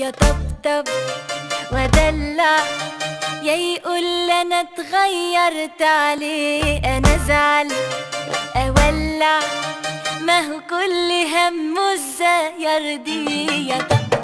يا طبطب ودلع يا يقول انا اتغيرت عليه انا ازعل اولع أه ما هو كل همه الزير دي طبطب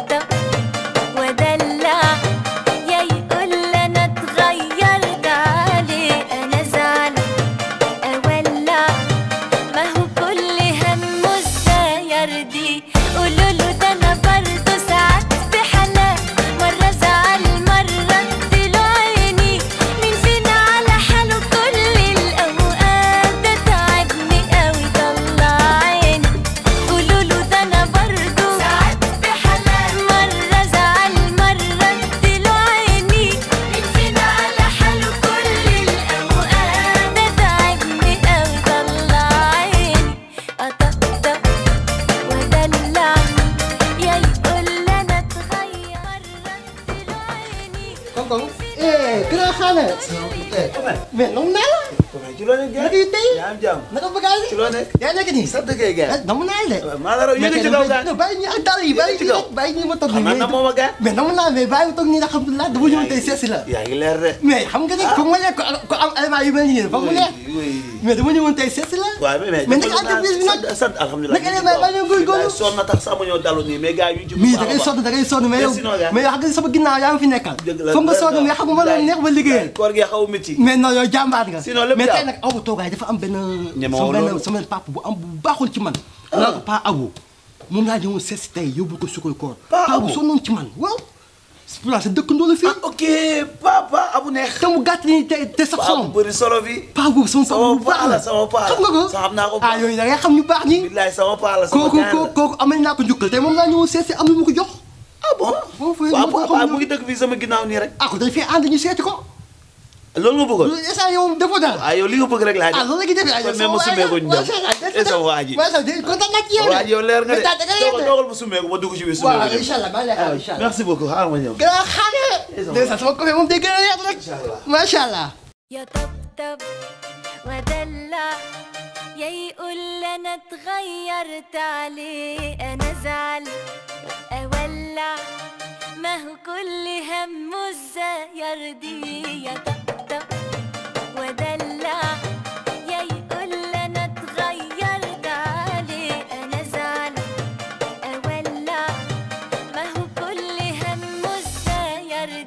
跟他们，对，问龙男了。ci loo nekk gerte yu tey yaa am jàmm naka bagaay ci loo nekk yaa nekk nii sa dëggee gerte namu naa de maa la raw yéen ci kaw gaa bàyyi ñu ak dara yi bàyyi ñu rek bàyyi ñu ma toog nii na mooma gaa mais namu naa mais bàyyi ma toog nii alhamdulilah dama ñëwoon tey seesi la yaa ngi leer de mais xam nga ne foog ma nekk ko am élément yu mel nii foog mu leer mais dama ñëwoon tey seesi la waaw mais mais nag entreprise bi nag sant alhamdulilah nag élément bàyyi ngooy góorlu sonn na tax sax ma ñëw dalu nii mais gars yu ci mais da ngay sonn da ngay sonn mais yow mais yow xam nga sama ginnaaw yaa ngi fi nekkal foog nga sonn mais xam nga ma la neex ba liggéeyal koor gi xaw métti mais non yow jàmbaar nga mais tey nag awu toogaay dafa am benn. ñemewoon sama papa bu am bu baaxul ci man. Ah. naa ko pas awu. moom laa ñëwoon seet si tey yóbbu ko sukoy koor. pas awu sonnoon ci man waaw. Fula sa dëkkandoo la fii. ah ok papa abu neex. te mu gàtt nii te te sax solo. bëri solo bi. paa boobu sama paa bu baax la sama paa la xam nga ko. xam naa ko ah yooyu da ngay xam ñu baax ñi. bilaay sama paa la sama ñaar la kooku kooku amal naa ko njukkal te moom laa ñëwoon seet si am lu mu ko jox. ah bon waaw waaw mu ngi dëkk fii sama ginnaaw nii rek. ah ko dañ fee ànd ñu seeti ko. loolu nga bëggoon instant yow defoo dara waaw yow li nga bëgg rek laa def ah loolu la ñuy def kon même ma summeeku ñu dem sama waa ji kontaan naa ci yow waa ji yow leer nga de doogal ma summeeku ma dugg ci biir summeeku waaw incha allah maa ngi lay xaar incha allah merci beaucoup xaaral ma ñëw gën a xaar de sa sama café moom day gën a yaatu rek macha allah يطبطب ودلع يا يقول انا اتغيرت عليه انا ازعل اولع ما هو كل همه الزير دي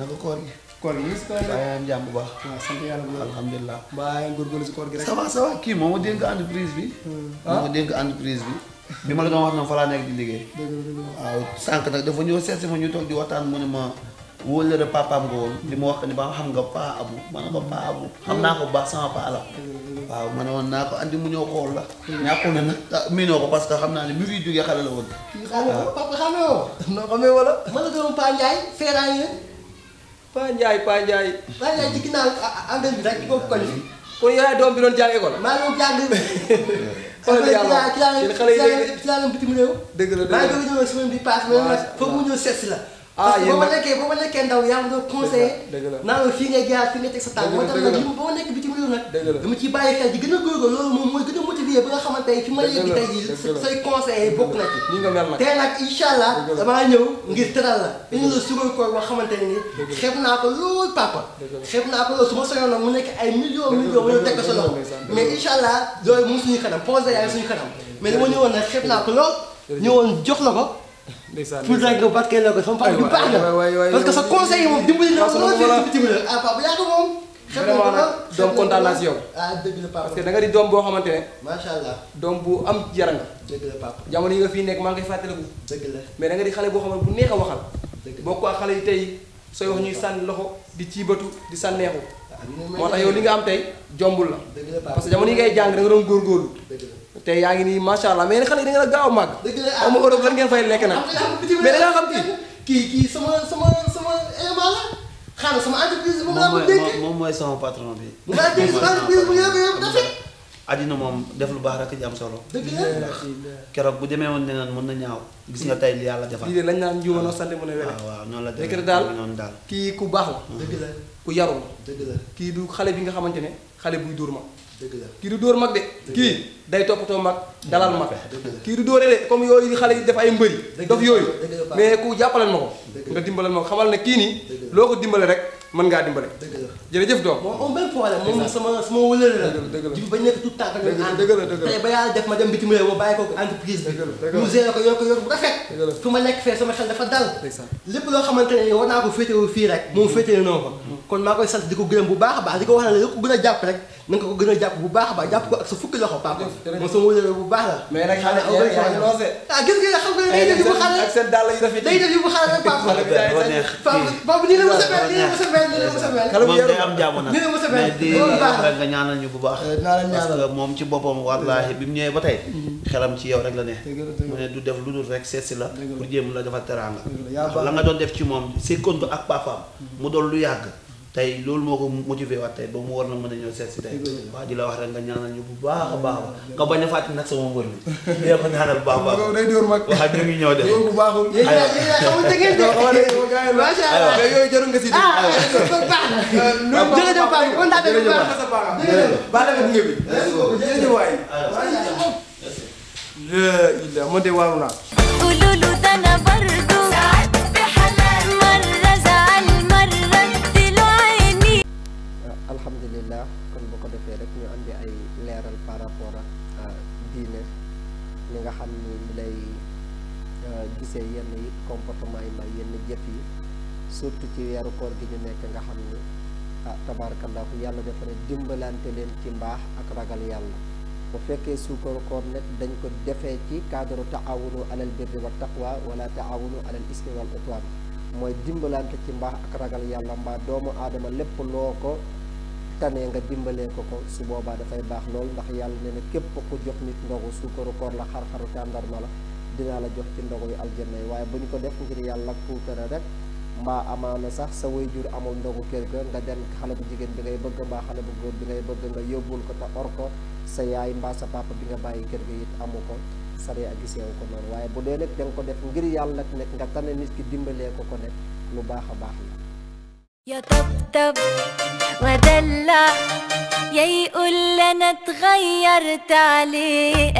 naka koor gi. koor gi gis naa yaa bu baax. Ah, bi. ah hmm. moom ma dénk entreprise bi. bi ma la doon wax noonu fa laa nekk di liggéey. waaw sànq nag dafa ñëw ba xam nga paa ma ne ko paa naa ko bu baax sama paa la. waaw ma ne woon naa ko andi mu ñëw xool la. ñàkkul ne nag miinoo ko parce xam naa ne mi ngi jógee la woon. waaw xam ne ko doon Paa Ndiaye. Feeraay Paa Ndiaye Paa Ndiaye. Paa Ndiaye ci ginnaaw engrais bi rek boobu koñ bi. kon yaay doom bi doon jàng école. maa ngi doon jàng. xoolal yàlla yéen xale yi léegi xale yi léegi ci laa bitim réew. dëgg la dëgg la maa ngi doon ñëw semaine bi paase. waaw waaw foofu mu ñëw seet si la. ah yéen parce que boo ma nekkee boo ma nekkee ndaw yaa ma moom mooy gën a motivé ba nga xamante ne fi ma yegg tey jii. suñu koor boo xamante ne nii. ko ma soñoon nag mu nekk ay millions millions ma ñëw teg yaa ngi suñu kanam mais dama ñëwoon nag xeeb naa ko lool ñëwoon jox la ko ndeysaan tout ça nga barkeel la ko sama parce que sa conseil moom dimbali na ma dimbali ah moom. doom kontaan naa si yow. ah parce que da nga di doom boo xamante ne. macha allah doom bu am yar nga. dëgg jamono yi nga fii nekk maa ngi koy fàttaliku. mais da nga di xale boo xam ne bu neex a waxal. dëgg la bokkoo ak xale yi tey sooy wax ñuy sànni loxo di ciibatu di sànneexu. Ah, moo tax yow li nga am tey jombul la. parce que jamono yi ngay jàng da nga doon góorgóorlu tey yaa ngi nii macha allah mais xale da gaaw màgg. dëgg la ah Europe lan ngeen fay lekk nag. mais da ngaa kii kii kii sama sama sama élément la. xaaral sama moom mooy moom mooy sama bi. nga dégg sama entreprise bu yëpp moom def lu baax rek am solo. dëgg la bu demee woon neneen mën na ñaaw. gis nga tey li yàlla defal. lii naan njuuma ah. noo sa mën a wele. waaw ah, waaw noonu la daal kii ku baax la. ku yaru kii du xale bi nga xamante ne xale buy dóor ma kii du dóor mag de kii day toppatoo mag dalal mag kii du dóore de comme yooyu xale yi def ay mbëri dof yooyu mais ku jàppaleen ma ko nga dimbaleen ma ko xamal ne kii nii loo ko dimbale rek mën ngaa dimbale jërëjëf doom moom am benn problème moom sama sama wëlëre la ji bañ nekk tout temps dëgg la tey ba yàlla def ma dem bitim réew ma bàyyi ko entreprise bi mu géré ko yor ko yor bu ma nekk fee sama xel dafa dal lépp loo xamante ne war naa ko féetewu fii rek moom féetee noonu ko mm-hmm. kon maa koy sant di ko gërëm bu baax a baax di ko wax jàpp rek na ko gën a jàpp bu baax a baax jàpp ko ak sa fukki loxo papa moom sama wóllare bu baax la mais nag xale ah, ah, nii la mos a mel nii la mos a mel nii la mos a mel moom day am jàmm nag nii la mos a mel loolu baax la nga ñaanal ñu bu baax euh, parce que moom ci boppam wallaahi bi mu ñëwee ba tey mhm. xelam ci yow rek la ne mu ne du def lu dul rek seetsi la pour jéem la dafa teraanga la nga doon def ci moom seconde ak papaam mhm. mu doon lu yàgg tay lool moko motivé wat tay ba mu war na mëna ñëw sét ci tay ba di la wax rek nga ñaanal ñu bu baax baax nga baña fatim nak sama mbeur ni ya ko ñaanal bu baax baax day door mak wax ak ñu ñëw def bu baaxul ya ya xamul te ngeen def ma sha Allah day yoy jëru nga ci def ah baax na jëge euh, jëm baax on da bu baax sa baax ba la nga ngi bi jëge way la ila mo de waru na leeral par rapport ak euh, diine ni nga xam ni ñu lay euh, gisee yenn comportement yi mbay yenn jëf yi surtout ci weeru koor gi ñu nekk nga xam ni ah tabaarakallahu yàlla dafa ne dimbalante leen ci mbaax ak ragal yàlla bu fekkee suukar koor nag dañ ko defee ci cadre taawunu alal birri wa taqwa wala taawunu alal ismi wal mooy dimbalante ci mbaax ak ragal yàlla mbaa doomu aadama lépp loo ko tane nga dimbalee ko ko su boobaa dafay baax lool ndax yàlla nee na képp ku jox nit ndogu suukaru koor la xar-xaru tàndarma la dinaa la jox ci ndogu yu aljanna yi waaye bu ñu ko def ngir yàlla puukare rek mbaa amaana sax sa waajur amul ndogu kër ga nga dem xale bu jigéen bi ngay bëgg mbaa xale bu góor bi ngay bëgg nga yóbbul ko te or ko sa yaay mbaa sa papa bi nga bàyyi kër ga it amu ko sare ak giseewu ko noonu waaye bu dee nag da ko def ngir yàlla nag nga tane nit ki dimbalee ko ko nekk lu baax a baax la يا طبطب ودلع يا يقول انا اتغيرت عليه